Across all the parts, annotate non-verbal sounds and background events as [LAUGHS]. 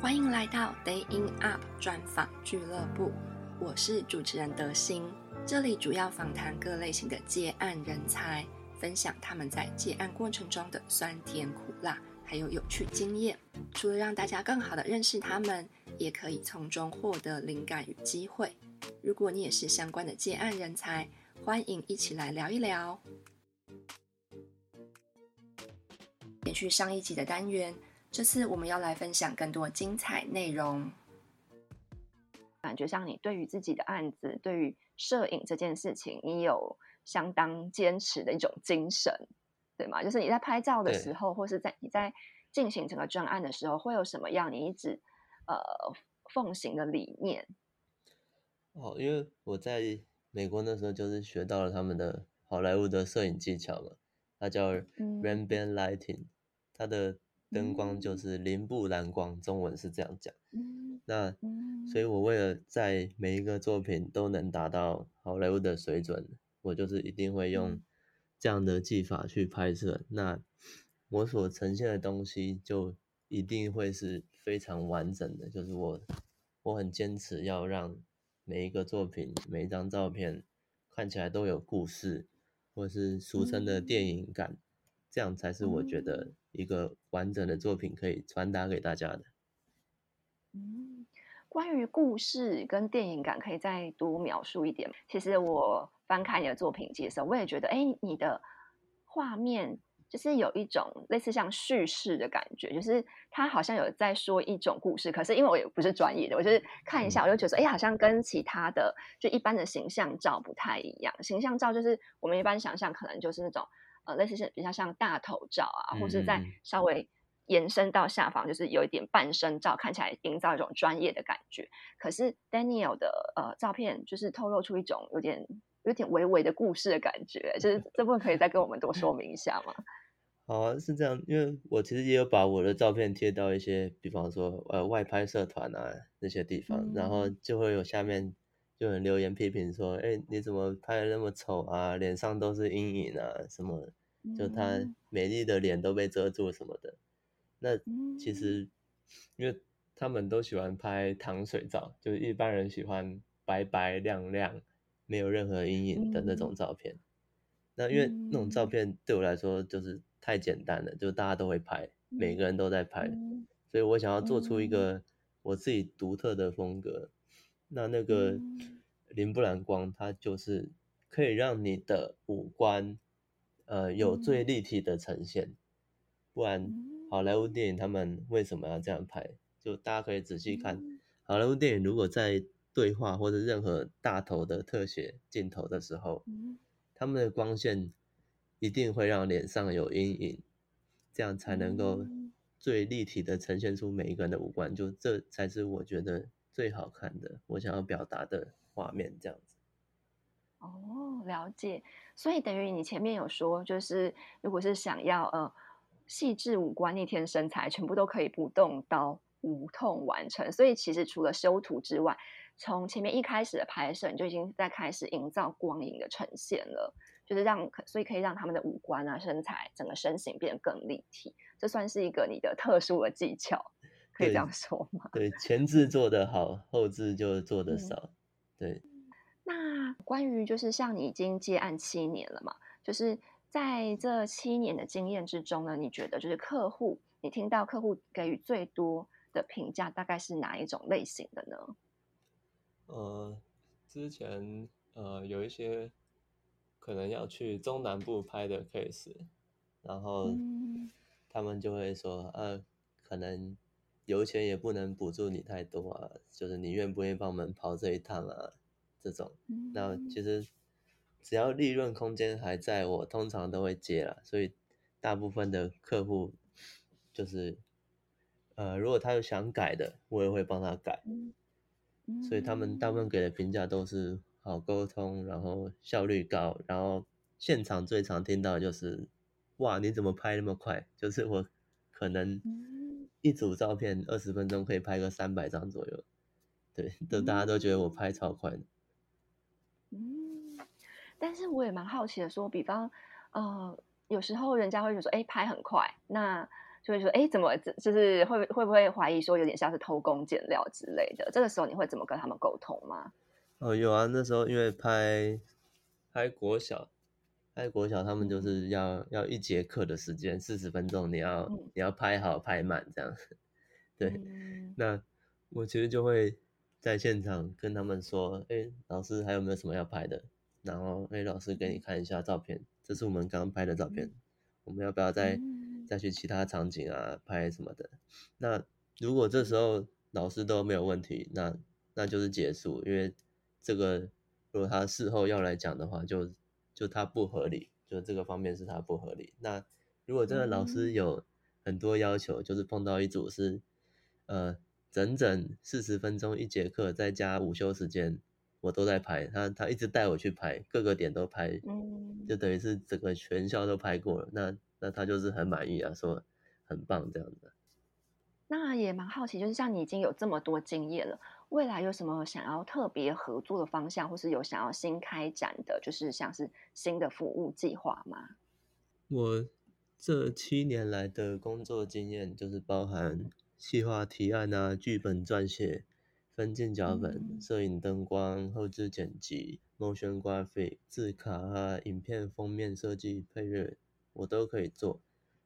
歡迎來到 DayinUP 專訪俱樂部，我是主持人德心。這裡主要訪談各類型的接案人才，分享他們在接案過程中的酸甜苦辣，還有有趣經驗。除了讓大家更好的認識他們，也可以從中獲得靈感與機會。如果你也是相關的接案人才，歡迎一起來聊一聊。延續上一集的單元。這次我們要來分享更多精彩內容。感覺像你對於自己的案子，對於攝影這件事情，你有相當堅持的一種精神，對嗎？就是你在拍照的時候，對或是在你在進行整個專案的時候，會有什麼樣你一直呃奉行的理念？哦，因為我在美國那時候就是學到了他們的好萊塢的攝影技巧嘛，他叫 Rembrandt lighting，嗯，它的。燈光就是林布蘭光，中文是這樣講。那所以，我為了在每一個作品都能達到好萊塢的水準，我就是一定會用這樣的技法去拍攝。那我所呈現的東西就一定會是非常完整的，就是我我很堅持要讓每一個作品、每一張照片看起來都有故事，或是俗稱的電影感。嗯這樣才是我覺得一個完整的作品可以傳達給大家的。嗯，關於故事跟電影感，可以再多描述一點嗎？其實我翻看你的作品集的時候，我也覺得，哎，你的畫面就是有一種類似像敘事的感覺，就是他好像有在說一種故事。可是因為我也不是專業的，我就是看一下，我就覺得，哎，好像跟其他的就一般的形象照不太一樣。形象照就是我們一般想象可能就是那種。呃，類似是比較像大頭照啊，或是再稍微延伸到下方，嗯、就是有一點半身照，看起來營造一種專業的感覺。可是 Daniel 的呃照片，就是透露出一種有點有點微微的故事的感覺、欸。就是這部分可以再跟我們多說明一下嗎、 [LAUGHS] 嗯？好啊，是這樣，因為我其實也有把我的照片貼到一些，比方說呃外拍社團啊那些地方，嗯、然後就會有下面就很留言批評說，哎、欸，你怎麼拍得那麼醜啊？臉上都是陰影啊？什麼的？就她美麗的臉都被遮住什麼的，那其實，因為他們都喜歡拍糖水照，就是一般人喜歡白白亮亮，沒有任何陰影的那種照片。嗯、那因為那種照片對我來說就是太簡單了，嗯、就大家都會拍，每個人都在拍，嗯、所以我想要做出一個我自己獨特的風格。那那個林布蘭光，它就是可以讓你的五官，呃，有最立體的呈現，嗯、不然好萊塢電影他們為什麼要這樣拍？就大家可以仔細看，好萊塢電影如果在對話或者任何大頭的特寫鏡頭的時候，嗯、他們的光線一定會讓臉上有陰影，這樣才能夠最立體的呈現出每一個人的五官，就這才是我覺得最好看的，我想要表達的畫面這樣子。哦。了解，所以等於你前面有說，就是如果是想要呃細緻五官、逆天身材，全部都可以不動刀無痛完成。所以其實除了修圖之外，從前面一開始的拍攝你就已經在開始營造光影的呈現了，就是讓可所以可以讓他們的五官啊、身材、整個身形變得更立體。這算是一個你的特殊的技巧，可以這樣說嗎？對，對，前制做得好，後製就做得少，嗯、對。那關於就是像你已經接案七年了嘛，就是在這七年的經驗之中呢，你覺得就是客戶，你聽到客戶給予最多的評價大概是哪一種類型的呢？呃，之前呃有一些可能要去中南部拍的 case，然後他們就會說，呃、啊，可能油錢也不能補助你太多啊，就是你願不願意幫我們跑這一趟啊？這種，那其實只要利潤空間還在，我通常都會接了。所以大部分的客戶就是，呃，如果他有想改的，我也會幫他改。所以他們大部分給的評價都是好溝通，然後效率高，然後現場最常聽到的就是，哇，你怎麼拍那麼快？就是我可能一組照片二十分鐘可以拍個三百張左右，對，都大家都覺得我拍超快。但是我也蠻好奇的說，說比方，呃，有時候人家會就說，哎、欸，拍很快，那就會說，哎、欸，怎麼就是會會不會懷疑說有點像是偷工減料之類的？這個時候你會怎麼跟他們溝通嗎？哦，有啊，那時候因為拍，拍國小，拍國小，他們就是要要一節課的時間四十分鐘，你要、嗯、你要拍好拍滿這樣子。對，嗯、那我其實就會在現場跟他們說，哎、欸，老師還有沒有什麼要拍的？然後，哎，老師給你看一下照片，這是我們剛剛拍的照片。嗯、我們要不要再再去其他場景啊，拍什麼的？那如果這時候老師都沒有問題，那那就是結束，因為這個如果他事後要來講的話，就就他不合理，就這個方面是他不合理。那如果真的老師有很多要求，嗯、就是碰到一組是呃，整整四十分鐘一節課，再加午休時間。我都在拍他，他一直帶我去拍各個點都拍，嗯、就等於是整個全校都拍過了。那那他就是很滿意啊，說很棒這樣子。那也蠻好奇，就是像你已經有這麼多經驗了，未來有什麼想要特別合作的方向，或是有想要新開展的，就是像是新的服務計劃嗎？我這七年來的工作經驗就是包含企劃提案啊、劇本撰寫。分鏡腳本、嗯、攝影燈光、後置剪輯、motion graphic、字卡、啊、影片封面設計、配樂，我都可以做。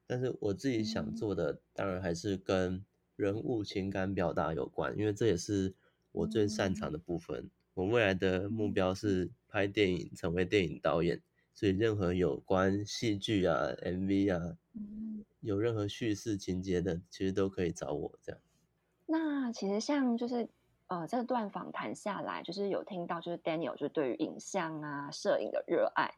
但是我自己想做的，嗯、當然還是跟人物情感表達有關，因為這也是我最擅長的部分。嗯、我未來的目標是拍電影，成為電影導演，所以任何有關戲劇啊、MV 啊，嗯、有任何敘事情節的，其實都可以找我這樣。那其實像就是。呃，這個段訪談下來，就是有聽到，就是 Daniel 就對於影像啊、攝影的熱愛。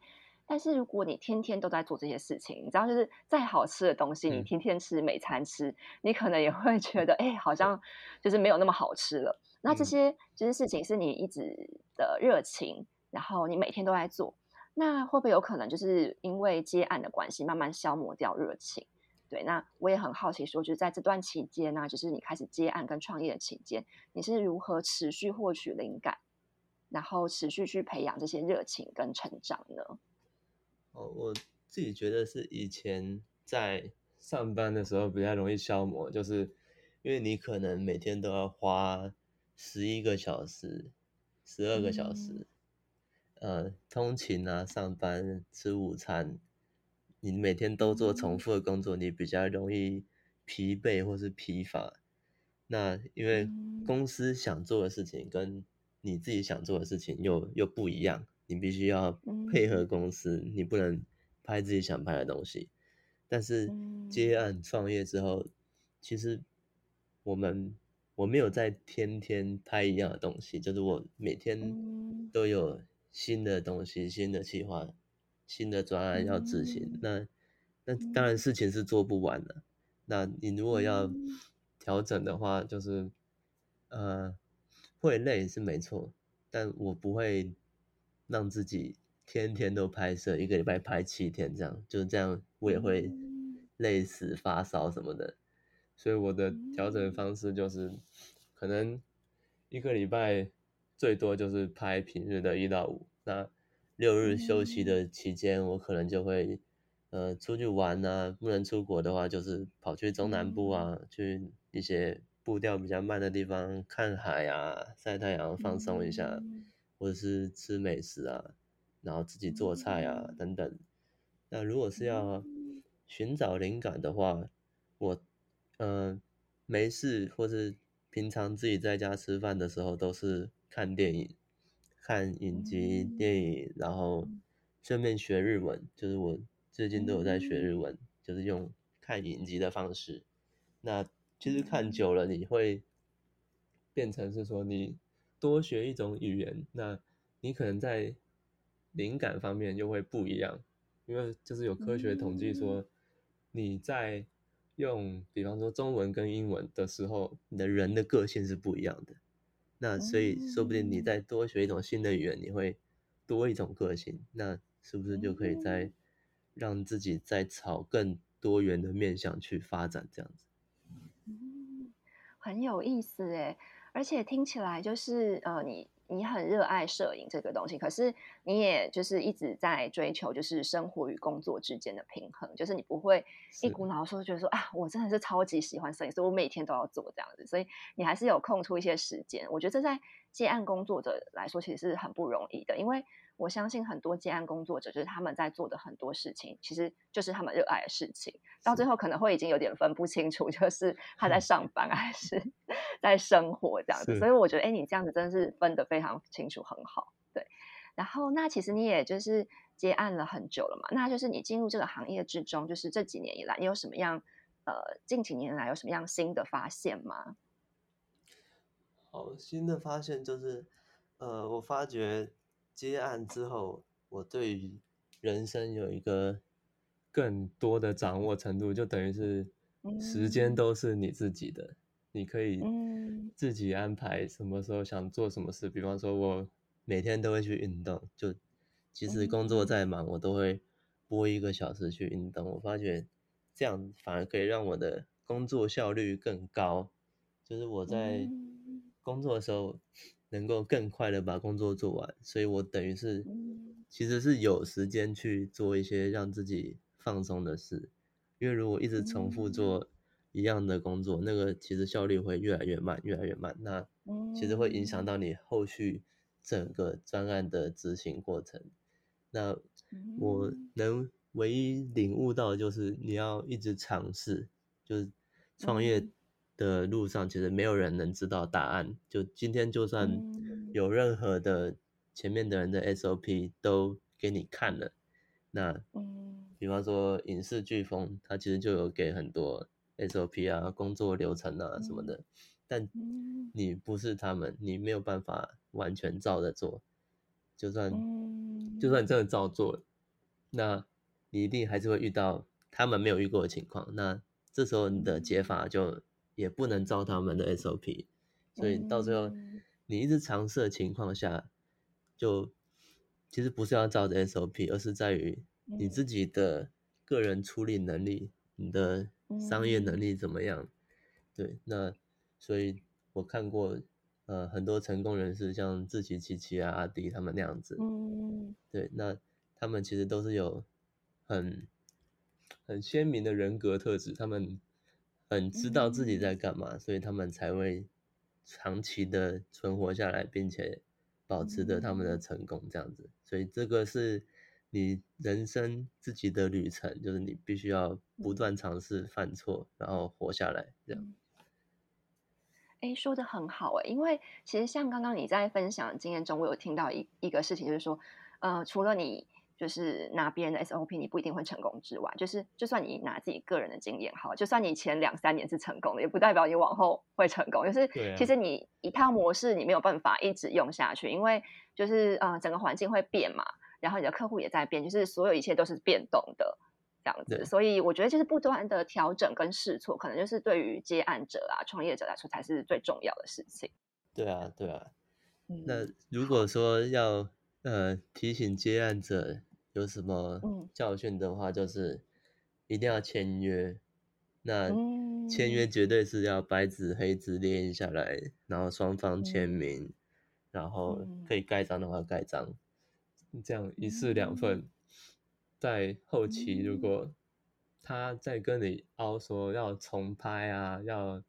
但是如果你天天都在做這些事情，你知道就是再好吃的東西，你天天吃、嗯、每餐吃，你可能也會覺得，哎、欸，好像就是沒有那麼好吃了。嗯、那這些就是事情是你一直的熱情，然後你每天都在做，那會不會有可能就是因為接案的關係，慢慢消磨掉熱情？對，那我也很好奇，說就是在這段期間呢、啊，就是你開始接案跟創業的期間，你是如何持續獲取靈感，然後持續去培養這些熱情跟成長呢？哦，我自己覺得是以前在上班的時候比較容易消磨，就是因為你可能每天都要花十一個小時、十二個小時，嗯、呃，通勤啊，上班吃午餐。你每天都做重複的工作，你比較容易疲憊或是疲乏。那因為公司想做的事情跟你自己想做的事情又又不一樣，你必須要配合公司，嗯、你不能拍自己想拍的東西。但是接案創業之後，嗯、其實我們我沒有在天天拍一樣的東西，就是我每天都有新的東西、新的計劃。新的專案要執行，那那當然事情是做不完了。那你如果要調整的話，就是呃會累是沒錯，但我不會讓自己天天都拍攝，一個禮拜拍七天這樣，就這樣我也會累死發燒什麼的。所以我的調整方式就是，可能一個禮拜最多就是拍平日的一到五，那。六日休息的期間，mm hmm. 我可能就會，呃，出去玩啊。不能出國的話，就是跑去中南部啊，mm hmm. 去一些步調比較慢的地方看海啊，曬太陽放鬆一下，mm hmm. 或者是吃美食啊，然後自己做菜啊、mm hmm. 等等。那如果是要尋找靈感的話，我，嗯，呃，沒事，或是平常自己在家吃飯的時候，都是看電影。看影集、電影，然後順便學日文，就是我最近都有在學日文，就是用看影集的方式。那其實看久了，你會變成是說你多學一種語言，那你可能在靈感方面又會不一樣，因為就是有科學統計說，你在用比方說中文跟英文的時候，你的人的個性是不一樣的。那所以，說不定你再多學一種新的語言，嗯，你會多一種個性。那是不是就可以再讓自己再朝更多元的面向去發展？這樣子，嗯，很有意思誒，而且聽起來就是呃，你。你很熱愛攝影這個東西，可是你也就是一直在追求，就是生活與工作之間的平衡，就是你不會一股腦說覺得說是啊，我真的是超級喜歡攝影，所以我每天都要做這樣子，所以你還是有空出一些時間，我覺得這在。接案工作者來說，其實是很不容易的，因為我相信很多接案工作者，就是他們在做的很多事情，其實就是他們熱愛的事情，是到最後可能會已經有點分不清楚，就是他在上班還是、嗯、 [LAUGHS] 在生活這樣子。是所以我覺得，誒、欸，你這樣子真的是分得非常清楚，很好。對。然後，那其實你也就是接案了很久了嘛，那就是你進入這個行業之中，就是這幾年以來，你有什麼樣呃，近幾年來有什麼樣新的發現嗎？哦，新的發現就是，呃，我發覺接案之後，我對於人生有一個更多的掌握程度，就等於是時間都是你自己的，嗯、你可以自己安排什麼時候想做什麼事。嗯、比方說，我每天都會去運動，就即使工作再忙，我都會撥一個小時去運動。我發覺這樣反而可以讓我的工作效率更高，就是我在、嗯。工作的時候，能夠更快的把工作做完，所以我等於是其實是有時間去做一些讓自己放鬆的事。因為如果一直重複做一樣的工作，嗯、那個其實效率會越來越慢，越來越慢。那其實會影響到你後續整個專案的執行過程。那我能唯一領悟到的就是你要一直嘗試，就是創業。的路上，其實沒有人能知道答案。就今天，就算有任何的前面的人的 SOP 都給你看了，那，比方說影視颶風，它其實就有給很多 SOP 啊、工作流程啊什麼的。嗯、但你不是他們，你沒有辦法完全照着做。就算就算你真的照做，那你一定還是會遇到他們沒有遇過的情況。那這時候你的解法就。也不能照他們的 SOP，所以到最後你一直嘗試的情況下，就其實不是要照着 SOP，而是在於你自己的個人處理能力、你的商業能力怎麼樣。對，那所以我看過呃很多成功人士，像志祺七七啊、阿滴他們那樣子，對，那他們其實都是有很很鮮明的人格特質，他們。很知道自己在幹嘛，嗯、所以他們才會長期的存活下來，並且保持着他們的成功這樣子。所以這個是你人生自己的旅程，就是你必須要不斷嘗試犯錯，嗯、然後活下來這樣。哎、欸，說的很好哎、欸，因為其實像剛剛你在分享經驗中，我有聽到一一個事情，就是說，呃，除了你。就是拿別人的 SOP，你不一定會成功之外，就是就算你拿自己個人的經驗，好，就算你前兩三年是成功的，也不代表你往後會成功。就是其實你一套模式，你沒有辦法一直用下去，啊、因為就是呃，整個環境會變嘛，然後你的客戶也在變，就是所有一切都是變動的這樣子。對所以我覺得，就是不斷的調整跟試錯，可能就是對於接案者啊、創業者來說，才是最重要的事情。對啊，對啊。那如果說要、嗯呃，提醒接案者有什麼教訓的話，就是一定要簽約。嗯、那簽約絕對是要白紙黑字列下來，然後雙方簽名，嗯、然後可以蓋章的話蓋章，嗯、這樣一式兩份。在、嗯、後期如果他在跟你凹說要重拍啊，要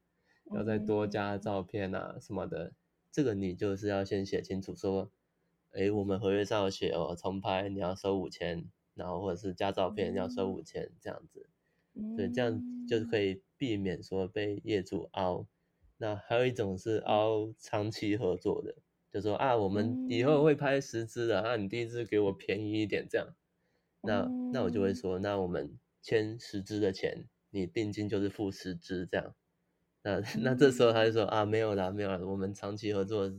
要再多加照片啊什麼的，嗯、這個你就是要先寫清楚說，哎，我們合約上有寫哦，重拍你要收五千，然後或者是加照片，嗯、要收五千，這樣子，對，這樣就可以避免說被業主凹。那還有一種是凹長期合作的，就說啊，我們以後會拍十支的，那、啊、你第一支給我便宜一點這樣，那那我就會說，那我們簽十支的錢，你定金就是付十支這樣，那那這時候他就說啊，沒有啦沒有啦，我們長期合作。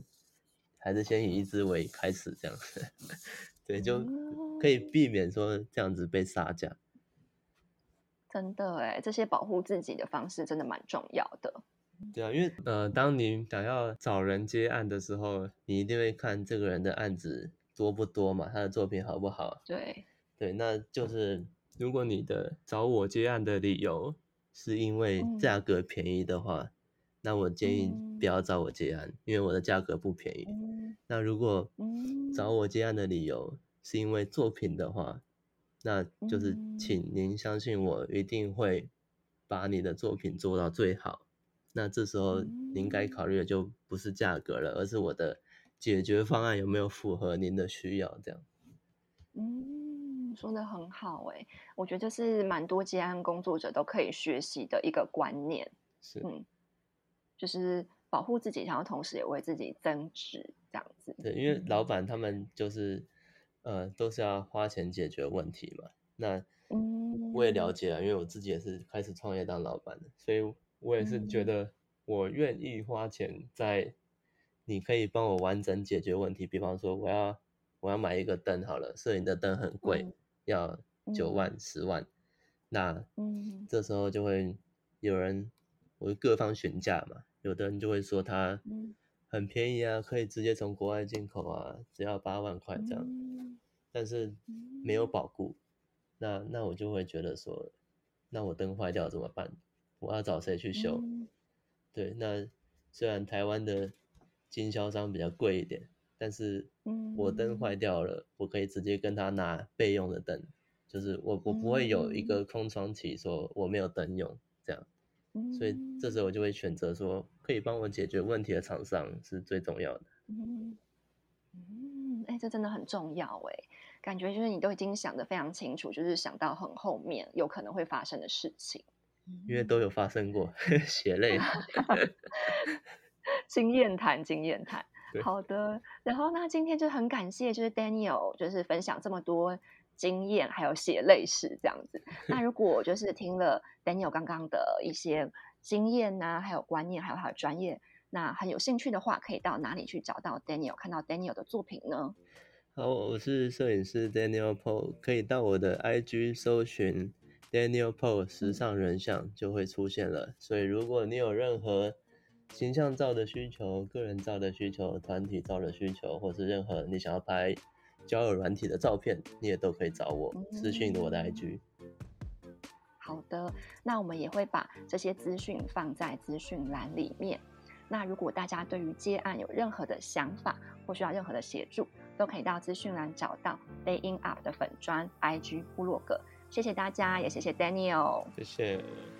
還是先以一只為開始，這樣，哦、 [LAUGHS] 對，就可以避免說這樣子被殺價。真的，哎，這些保護自己的方式真的蠻重要的。對啊，因為呃，當你想要找人接案的時候，你一定會看這個人的案子多不多嘛，他的作品好不好。對，對，那就是如果你的找我接案的理由是因為價格便宜的話。嗯那我建議不要找我接案，嗯、因為我的價格不便宜。嗯、那如果找我接案的理由是因為作品的話，嗯、那就是請您相信我一定會把你的作品做到最好。那這時候您該考慮的就不是價格了，嗯、而是我的解決方案有沒有符合您的需要。這樣，嗯，說得很好誒、欸，我覺得這是蠻多接案工作者都可以學習的一個觀念。是，嗯。就是保護自己，然後同時也為自己增值，這樣子。對，因為老板他們就是，呃，都是要花錢解決問題嘛。那，嗯，我也了解了，因為我自己也是開始創業當老板的，所以我也是覺得我願意花錢在，你可以幫我完整解決問題。比方說，我要我要買一個燈好了，攝影的燈很貴，嗯、要九萬、嗯、十萬。那，嗯，這時候就會有人。我各方詢價嘛，有的人就會說它很便宜啊，可以直接從國外進口啊，只要八萬塊這樣，但是沒有保固，那那我就會覺得說，那我燈壞掉怎麼辦？我要找誰去修？嗯、對，那雖然台灣的經銷商比較貴一點，但是我燈壞掉了，我可以直接跟他拿備用的燈，就是我我不會有一個空窗期說我沒有燈用。所以這時候我就會選擇說，可以幫我解決問題的廠商是最重要的。嗯，哎、欸，這真的很重要哎、欸，感覺就是你都已經想得非常清楚，就是想到很後面有可能會發生的事情。因為都有發生過，呵呵血淚 [LAUGHS] 經驗談，經驗談。好的，然後那今天就很感謝，就是 Daniel，就是分享這麼多。經驗還有寫類似這樣子，那如果就是聽了 Daniel 剛剛的一些經驗吶、啊，還有觀念，還有他的專業，那很有興趣的話，可以到哪裡去找到 Daniel，看到 Daniel 的作品呢？好，我是攝影師 Daniel PO，可以到我的 IG 搜尋 Daniel PO 時尚人像就會出現了。所以如果你有任何形象照的需求、個人照的需求、團體照的需求，或是任何你想要拍交友軟體的照片，你也都可以找我私訊、嗯、我的 IG。好的，那我們也會把這些資訊放在資訊欄裡面。那如果大家對於接案有任何的想法或需要任何的協助，都可以到資訊欄找到 DayinUP 的粉專 IG 部落格。謝謝大家，也謝謝 Daniel。謝謝。